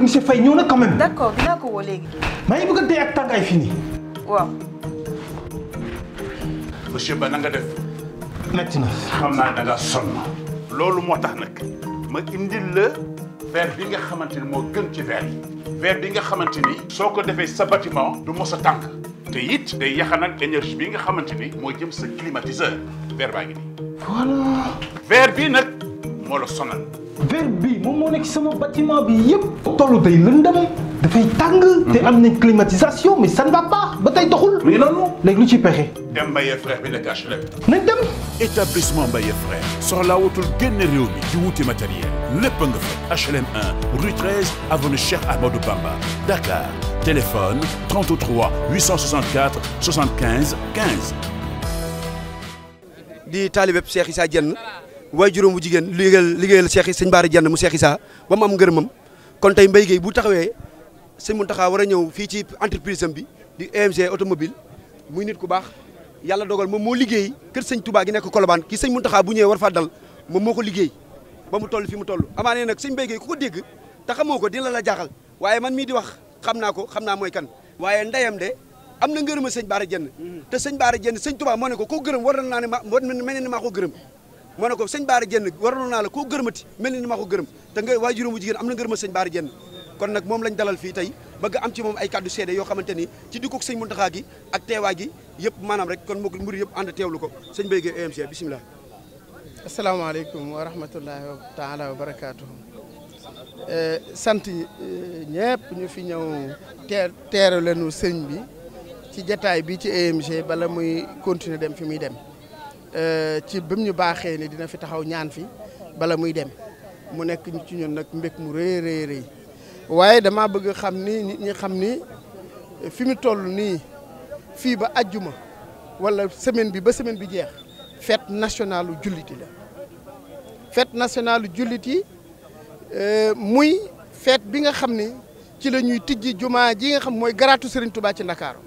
monsieur Faye ñëw na quand même. d'accord dinaa ko woo léegi. maa ngi bëgg a dee ak tàngaay fii nii. waaw. monsieur Ba na nga def. metti na. naa da nga loolu moo tax nag ma indil la verre bi nga xamante ni moo gën ci verre yi. verre bi nga xamante ni. soo ko defee sa bâtiment du mos a tànk. te it day yaxanal énergie bi nga xamante ni moo jëm sa climatiseur verre baa ngi nii. voilà. nag moo la sonal. verre bii moom moo sama bâtiment bi yëpp. tollu day lëndëm dafay tàng. te mhm. am nañ climatisation mais ça ne va doxul. oui non léegi lu ci pexe. dem Mbaye frère bi nekk HLM. nañ dem. établissement Mbaye frère soxlaa wutul génn réew mi ci wuti matériel lépp nga fa HLM 1 rue 13 avenue Cheikh Amadou Bamba Dakar téléphone 33 di taalibeb Cheikh Issa Diène. waaye juróom bu jigéen liggéeyal liggéeyal Cheikh sëñ Baara Jenn mu Cheikh Issa ba mu am ngërëmam kon tey Mbaye Guèye bu taxawee sëñ Mountakha war a ñëw fii ci entreprise am bi di EMG automobile muy nit ku baax yàlla dogal moom moo liggéey kër sëñ Touba gi nekk Colobane ki sëñ Mountakha bu ñëwee war faa dal moom moo ko liggéey ba mu toll fi mu toll amaane nag sëñ bay Guèye ku ko dégg te xamoo ko dina la jaaxal waaye man mii di wax xam naa ko xam naa mooy kan waaye ndeyam de am na ngërëma sëñ Baara Jenn mm-hmm. te sëñ Baara Jenn sëñ Touba moo ne ko koo gërëm war na naa ne ma war na ne maa ko gërëm ma ne ko sëñ Baara Jenn waroon naa la koo gërëmati mel ni ma ko gërëm te nga waajuram bu jigéen am na ngërëma sëñ Baara Jenn kon nag moom lañ dalal fii tey bëgg am ci moom ay kàddu seede yoo xamante ni ci dikkug sëñ Muntaxa gi ak teewaay gi yëpp maanaam rek kon moo mbir yëpp ànd teewlu ko sëñ Mbaye Gueye EMC bisimilah asalaamaaleykum wa rahmatullahi wa taala wa barakaatuhu eh, sant ñëpp eh, ñu fi ñëw teer teeru lenu sëñ bi ci jataay bi ci EMG bala muy continuer dem fi muy dem Euh, ci bi ñu baaxee ne dina fi taxaw ñaan fi bala muy dem mu nekk ci ñun nag mbég mu rëy rëy rëy waaye dama bëgg xam ni nit ñi xam ni fi mu toll nii fii ba ajjuma wala semaine bi ba semaine bi jeex fête nationale julliti la fête nationale julliti euh, muy feet bi nga xam ni ci la ñuy tijji jumaa ji nga xam mooy garaatu Serigne Touba ci Ndakaaru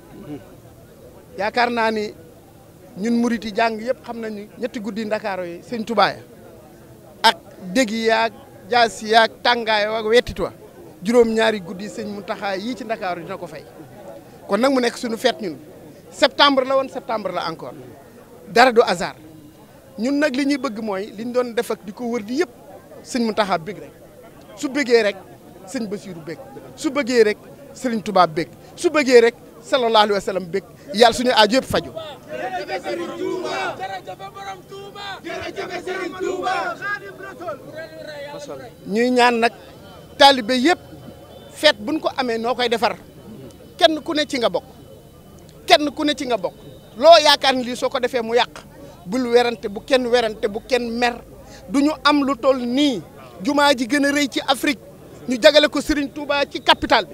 yaakaar naa ni ñun murit yi jàng yëpp xam nañu ñetti guddi ndakaaro yi sëñ tubaaya ak dég yaag jaas yaag tàngaay ak wettituwa juróom-ñaari guddi sëñ Muntaxa yii ci ndakaaru dina ko fay kon nag mu nekk suñu feet ñun septembre la woon septembre la encore dara du hasard ñun nag li ñuy bëgg mooy liñ doon def ak di ko wër di yëpp sëñ Muntaxa bëgg rek su bëggee rek sëñ Basiiru su bëggee rek sëriñ Tuubaa bëgg su bëggee rek sallallahu alayhi wa sallam bég yàlla suñu aaju yëpp faju jërëjëf ñuy ñaan nag taalibe yëpp feet buñ ko amee noo koy defar kenn ku ne ci nga bokk kenn ku ne ci nga bokk loo yaakaar ni lii soo ko defee mu yàq bul werante bu kenn werante bu kenn mer du ñu am lu toll nii jumaa ji gën a rëy ci Afrique ñu jagale ko Serigne tuuba ci capitale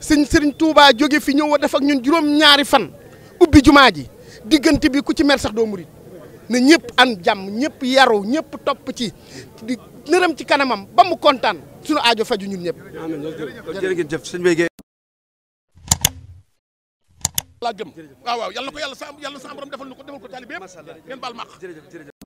sëñ sëriñ Touba jóge fi ñëw def ak ñun juróom-ñaari fan ubbi jumaa ji diggante bi ku ci mer sax doo murit na ñëpp an jàmm ñëpp yaru ñëpp topp ci di ci kanamam ba mu kontaan suñu aajo faju ñun ñëpp. jërëjëf sëñ Mbaye laa gëm waaw waaw yàlla sa yàlla sa ko defal ko taalibe yëpp ngeen